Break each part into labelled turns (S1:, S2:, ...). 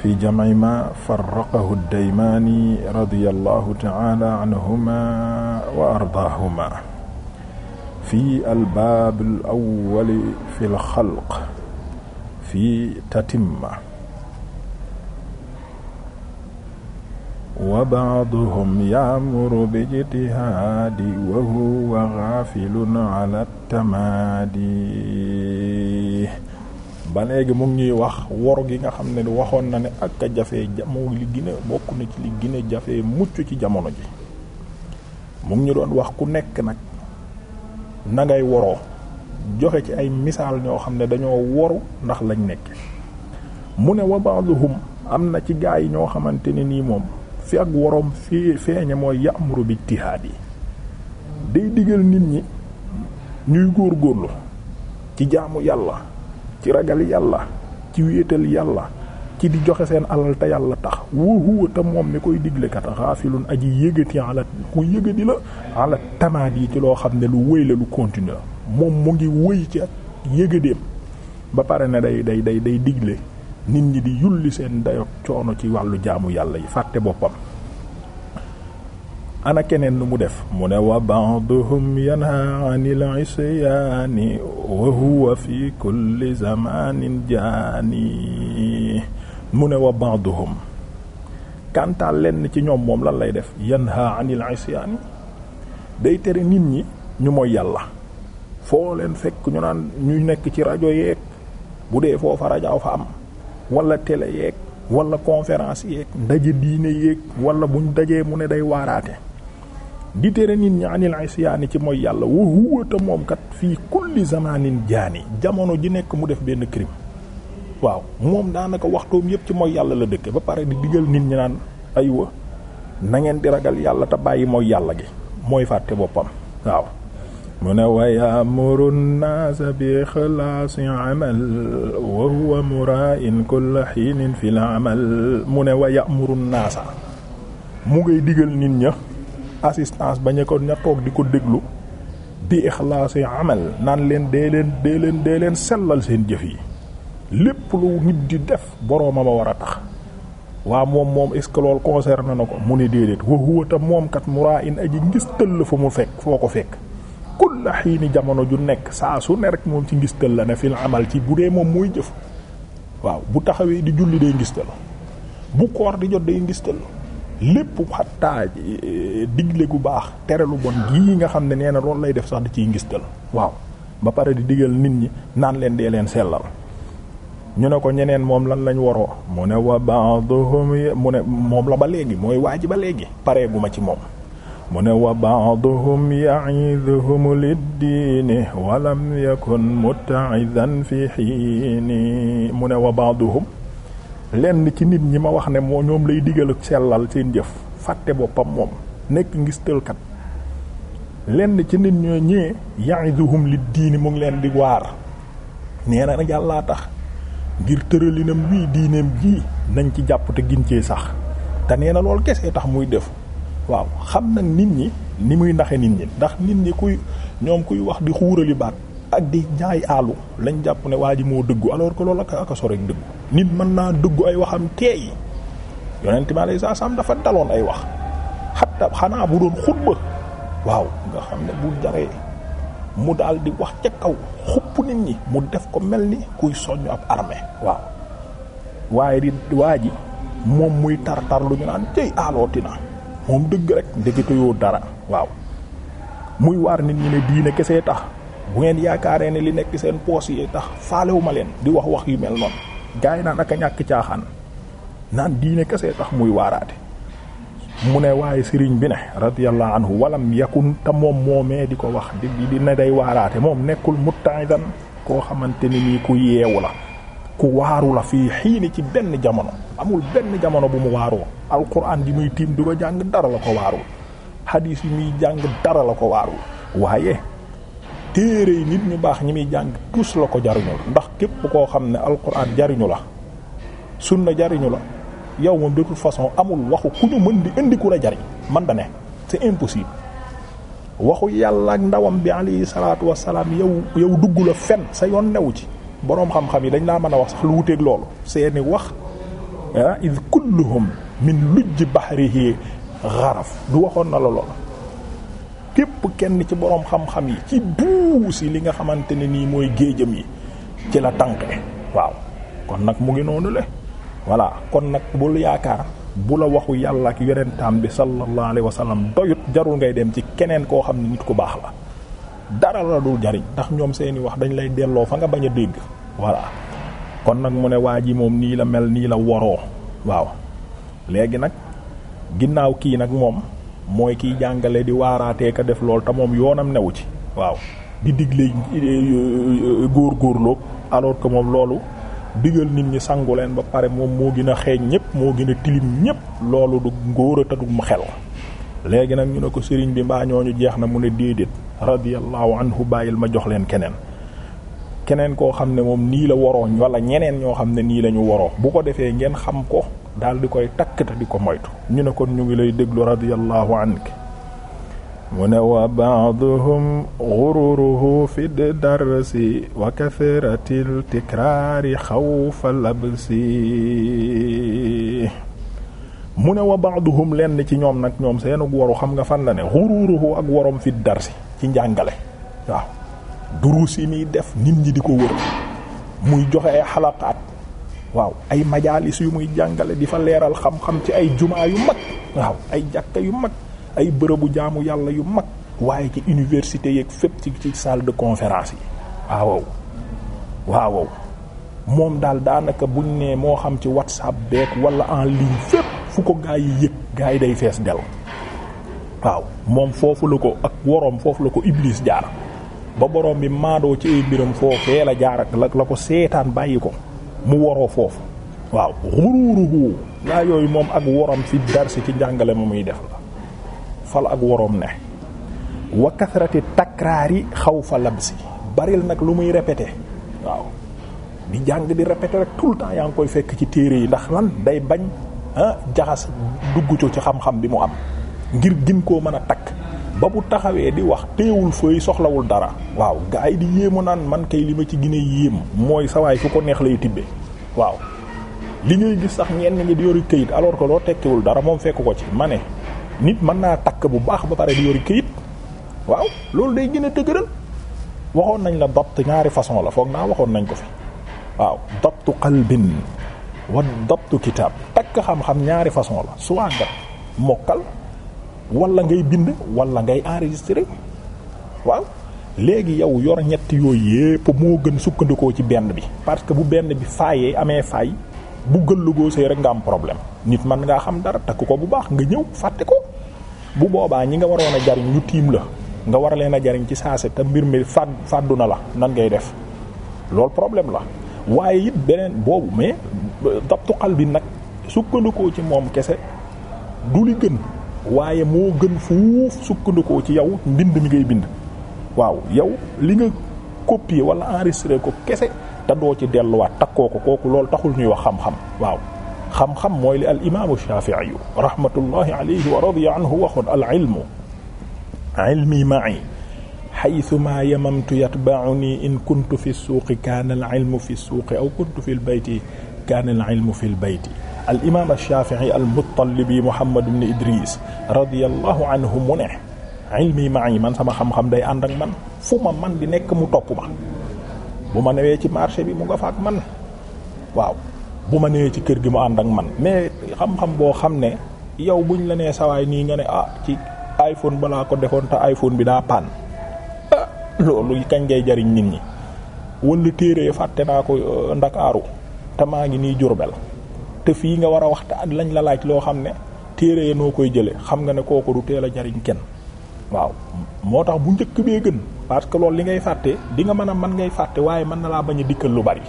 S1: fi jamci ma farraqahu daymaani radiyallahu ta'ala anhuma wa ardaahuma fi albaab alawwali fi lxalq fi tatimma wa ba'duhum ya'muru bijtihaadi wa huwa gaafilun ala tamaadi ba léegi mu ngi ñuy wax wor gi nga xam ne waxoon na ne ak a jafee li gën bokk na ci li gën jafe jafee mucc ci jamono ji mu ngi ñu doon wax ku nekk nag na ngay woroo joxe ci ay misaal ñoo xam ne dañoo woru ndax lañ nekk mu ne wa ba'dhum am na ci gaa yi ñoo xamante ne nii moom fi ak woroom fi feeñe mooy ya'muru bi ittihaad yi day digal nit ñi ñuy góorlu ci jaamu yàlla ci ragal yàlla ci wéetal yàlla ci di joxe seen alal te yàlla tax wóohuwa te moom mi koy diglekat xaafilun aji yëgati ala ku yëgati la ala tamaat yi ci loo xam ne lu wéy la lu continuer moom mu ngi wéy ca ak yëgadeem ba pare ne day day day day digle nit ñi di yulli seen dayo coono ci wàllu jaamu yàlla yi fàtte boppam ana keneen nu mu def mu ne wa ba'duhum yanha 'anil 'isyaani wa huwa fi kulli zamanin jaani mu ne wa ba'duhum kantaa lenn ci ñoom moom lan lay def yanha 'anil 'isyaani day tere nit ñi ñu mooy yàlla foo leen fekk ñu naan ñu nekk ci rajo yeeg bu dee foofa rajo fa am walla télé yeeg walla conférence yeeg ndaje diine yeeg wala buñ dajee mu ne day waaraate di tere nit ñi anil isyaani ci mooy yàlla wa huwa te moom kat fii kulli zamanin jaani jamono ji nekk mu def benn crime waaw moom daanaka waxtoom yëpp ci mooy yàlla la dëkk ba pare di digal nit ñi naan aywa na ngeen di ragal yàlla te bàyyi mooy yàlla gi mooy fàtte boppam waaw mu ne wa ya'muru an-naasa bi ikhlaasi amal wa huwa mura'in kulla hiinin fil amal mu ne wa ya'muru an-naasa mu ngay digal nit ña assistance ba a ko ña toog di ko déglu di ixlaasi amal naan leen dee leen dee leen dee leen sellal seen jëf yi lépp lu nit di def boroomam a war a tax waa moom moom est-ce que loolu na ko mu ne déedéet wa huwa ta moom kat muraa in aji ngis tëll fa mu fekk foo ko fekk kulla xiini jamono ju nekk saa su ne rek moom ci ngis tëll la ne fil amal ci bu dee moom mooy jëf waaw bu taxawee di julli day ngis tëll bu koor di jot day ngis tëll lépp xattaa eh, digle gu baax tere lu bon gii nga xam ne nee na loolu lay def sax da ciy ngistal waaw ba pare di digal nit ñi naan leen dee leen sellal ñu ne ko ñeneen moom lan lañu waroo mu ne wa ba'dhum mu ne moom la ba léegi mooy waa ji ba léegi paree gu ma ci moom mu ne wa ba'dhum ya'iduhum lid-diini wa lam yakun muta'idan fi hiini mu ne wa ba'dhum lenn ci nit ñi ma wax ne moo ñoom lay digal ak sellal seen jëf fàtte boppam moom nekk ngis tëlkat lenn ci nit ñoo ñee ya'iduhum li diini mu ngi leen di waar nee na nag jàllaa tax ngir tëralinam wii diineem jii nañ ci jàpp te gin cee sax te nee na loolu kese tax muy def waaw xam nag nit ñi ni muy naxe nit ñi ndax nit ñi kuy ñoom kuy wax di xuurali baat ak di jaay àllu lañ jàpp ne waa ji moo dëggu alors que loolu ak ak a dëggu nit mën naa dëggu ay waxam teey yonent bi alayhi salaam dafa daloon ay wax xatta xanaa bu doon xutba waaw nga xam ne bu jaree mu dal di wax ca kaw xupp nit ñi mu def ko mel ni kuy soññ ab armée waaw waaye di waa ji moom muy tartar lu ñu naan cëy aalooti na moom dëgg rek ndekete dara waaw muy waar nit ñi ne diine kese tax bu ngeen yaakaaree ne li nekk seen poos yee tax faalewuma leen di wax wax yu mel noonu gars yi naan ak ñàkk caaxaan naan diine kese tax muy waaraate mu ne waaye sëriñ bi ne radiyallahu anhu walla yakun te moom moomee di ko wax di di ne day waaraate moom nekkul mutta'idan koo xamante ni nii ku yeewu la ku waaru la fii xiini ci benn jamono amul benn jamono bu mu waaroo alquran di muy tiim di ko jàng dara la ko waarul hadith yi muy jàng dara la ko waarul waaye téere yi nit ñu baax ñi muy jàng tous la ko jariñu la ndax képp koo xam ne alquran jariñu la sun na jariñu la yow moom de toute façon amul waxu ku ñu mën di indi ku la jariñ man da ne c'est impossible waxu yàlla ak ndawam bi alayhi salaatu wassalaam yow yow dugg la fen sa yoon newu ci boroom xam-xam yi dañ laa mën a wax sax lu wuteeg loolu seeni wax ah id kulluhum min lujj bahrihi gharaf du waxoon na la loolu képp kenn ci boroom xam-xam yi ci buusi li nga xamante ne nii mooy géejam yi ci la tànqe waaw kon nag mu ngi noonu le voilà kon nag bul yaakaar bu la waxu yàlla ak yonentaam bi sallallahu alayhi wa sallam doyut jarul ngay dem ci keneen koo xam ne nit ku baax la dara la dul jariñ ndax ñoom seeni wax dañ lay delloo fa nga bañ a dégg voilà kon nag mu ne waa ji moom nii la mel nii la woroo waaw léegi nag ginnaaw kii nag moom mooy kiy jàngale di waaraatee ka def lool te moom yoonam newu ci waaw di digle góor euh, góorgóorloo alors que moom loolu digal nit ñi sangu leen ba pare moom moo gin a xeeñ ñépp moo gin a tilim ñépp loolu du ngóor a ma xel léegi nag ñu ne ko sëriñ bi mbaa ñooñu jeex na mu ne déedéet radiyallahu anhu bàyyil ma jox leen keneen keneen koo xam ne moom nii la warooñ wala ñeneen ñoo xam ne nii lañu ñu bu ko defee ngeen xam ko daal di koy takk te di ko moytu ñu ne kon ñu ngi lay déglu radiyallahu anki mu ne wa ba'duhum ghururuhu fi darsi wa kathratil tikraari xawfa labsi mu ne wa ba'duhum lenn ci ñoom nag ñoom seenu waru xam nga fan la ne ghururuhu ak warom fi darsi ci njàngale waaw duruus yi muy def nit ñi di ko wër muy joxe ay xalaqaat waaw ay majaalis yu muy jàngale di fa leeral xam-xam ci ay jumaa yu mag waaw ay jàkka yu mag ay bërëbu jaamu yàlla yu mag waaye ci université yeeg fépp ci ci salle de conférence yi waaw waaw moom daal daanaka buñ ne moo xam ci whatsapp beeg wala en ligne fépp fu ko gaa yi yëg gaa yi day fees del waaw moom foofu la ko ak woroom foofu la ko Iblis jaar ba borom bi maadoo ci ay mbiram foofee la jaar ak la ko seetaan bàyyi ko mu waroo foofu waaw xuruuruhu laa yooyu moom ak worom fi darsi ci njàngale ma muy def la fal ak worom ne wa kasrati takraari xaw fa labsi baril nag lu muy répété waaw di jàng di répété rek tout le temps yaa ngi koy fekk ci téere yi ndax lan day bañ ah jaxas dugg ci xam-xam bi mu am ngir gin koo mën a takk ba bu taxawee di wax téewul fëy soxlawul dara waaw gaa yi di yéemu naan man kay li ma ci gën yéem mooy sawaay fu ko neex lay tibbee waaw li ngay gis sax ngeen ñi di yori këyit alors que loo tekkiwul dara moom fekk ko ci ma ne nit mën naa takk bu baax ba pare di yori këyit waaw loolu day gën a dëgëral waxoon nañ la dabt ñaari façon la foog naa waxoon nañ ko fi waaw dabtu qalbin wa dabtu kitaab takk xam-xam ñaari façon la soit nga mokkal walla ngay bind walla ngay enregistrer waaw léegi yow yor ñett yooyu yépp moo gën sukkandikoo ci benn bi parce que bu benn bi faayee amee faay bu gëllugoo see rek nga am problème nit man ngaa xam dara takk ko bu baax nga ñëw fàtte ko bu boobaa ñi nga waroon a jariñ ñu tiim la nga war leen a jariñ ci saase te mbir mi fad fàddu na la nan ngay def loolu problème la waaye it beneen boobu mais euh, dabtu xal bi nag sukkandikoo ci moom kese du li gën waaye moo gën fuuf sukkandikoo ci yow mbind mi ngay bind waaw yow li nga copier wala enregistrer ko kese te doo ci delluwaat takkoo ko kooku lool taxul ñuy wax xam-xam waaw xam-xam mooy li al imaamu Shaafi'i rahmatullahi alayhi wa radiya anhu waxoon al ilmu ilmi ma'i haythuma yamamtu yatba'uni in kuntu fi suuqi kaana al ilmu fi suuqi aw kuntu fil bayti kaana al ilmu fi l bayti al imam alshafii almutalibi muhammad ibn idris radiyallahu anhu mu ne ilmi ma'i man sama xam day ànd ak man fu man di nekk mu topp ma bu ma newee ci marché bi mu nga fa man waaw bu ma newee ci kër gi mu ànd ak man mais xam-xam boo xam ne yow buñ la nee sawaay nii nga ne ah ci iPhone balaa ko defoon te iPhone bi daa paan ah loolu kañ ngay jariñ nit ñi wala téere fàtte naa ko euh, ndakaaru te ngi nii Jurbel te fii nga war a wax te lañ la laaj loo xam ne téere ya noo koy jële xam nga ne kooku du teel a jariñ kenn waaw moo tax bu njëkk bee gën parce que loolu li ngay fàtte di nga mën a mën ngay fàtte waaye mën na laa bañ a dikkal lu bari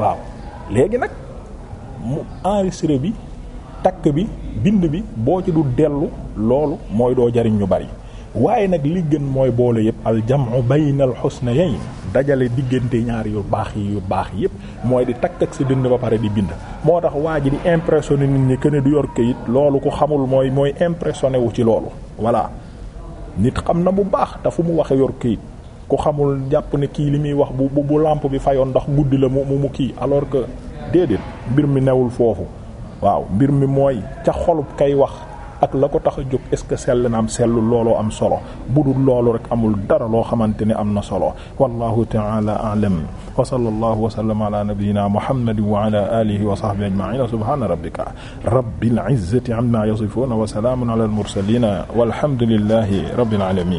S1: waaw léegi nag mu enregistré bi takk bi bind bi boo ci du dellu loolu mooy doo jariñ ñu bari waaye nag li gën mooy boole yëpp aljamu bayna al husnayn dajale diggante ñaar yu baax yi yu baax yëpp mooy di takk ak sa dënd ba pare di bind moo tax waa ji di impressionné nit ñi que di yor kayit loolu ku xamul mooy mooy impressionné wu ci loolu voilà nit xam na bu baax te fu mu waxe yor kayit ku xamul jàpp ne kii li muy wax bu bu lampe bi fayoon ndax guddi la mu mu kii alors que déedéet mbir mi newul foofu waaw mbir mi mooy ca xolub kay wax ak la ko tax a jóg est-ce que sell na am sellu looloo am solo bu dul loolu rek amul dara loo xamante ne am na solo wallahu ta'ala a'lam wa sallallahu wa sallama ala nabiyyina muhammadin wa ala alihi wa sahbihi ajma'in subhana rabbika rabbil izzati amma yasifun wa salamun ala al mursalin walhamdulillahi rabbil alamin